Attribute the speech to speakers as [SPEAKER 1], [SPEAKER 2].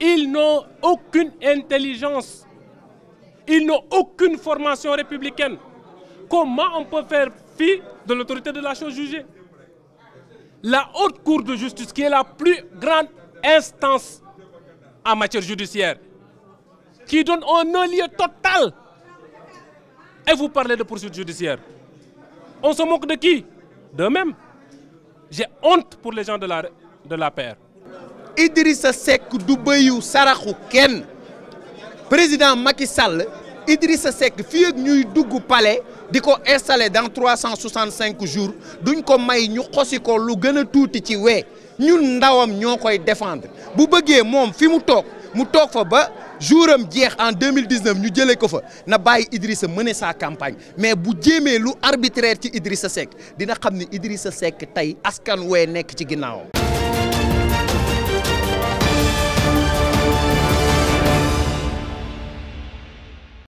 [SPEAKER 1] Ils n'ont aucune intelligence. Ils n'ont aucune formation républicaine. Comment on peut faire fi de l'autorité de la chose jugée La haute cour de justice, qui est la plus grande instance en matière judiciaire, qui donne un non-lieu total. Et vous parlez de poursuites judiciaires. On se moque de qui De même. J'ai honte pour les gens de la, de la paire. Idrissa Seck du bëyu saraxu président
[SPEAKER 2] Macky Sall Idrissa Seck fii ak ñuy dugg palais diko installer installé dans 365 jours duñ ko may ñu xosi ko lu gëna tuuti ci wé ñun ndawam ñokoy défendre bu bëggé mom fi mu tok mu tok fa ba jouram jeex en 2019 ñu jëlé ko fa na baye Idrissa mené sa campagne mais bu jémé lu arbitraire ci Idrissa Seck dina xamni Idrissa Seck tay askan wé nek ci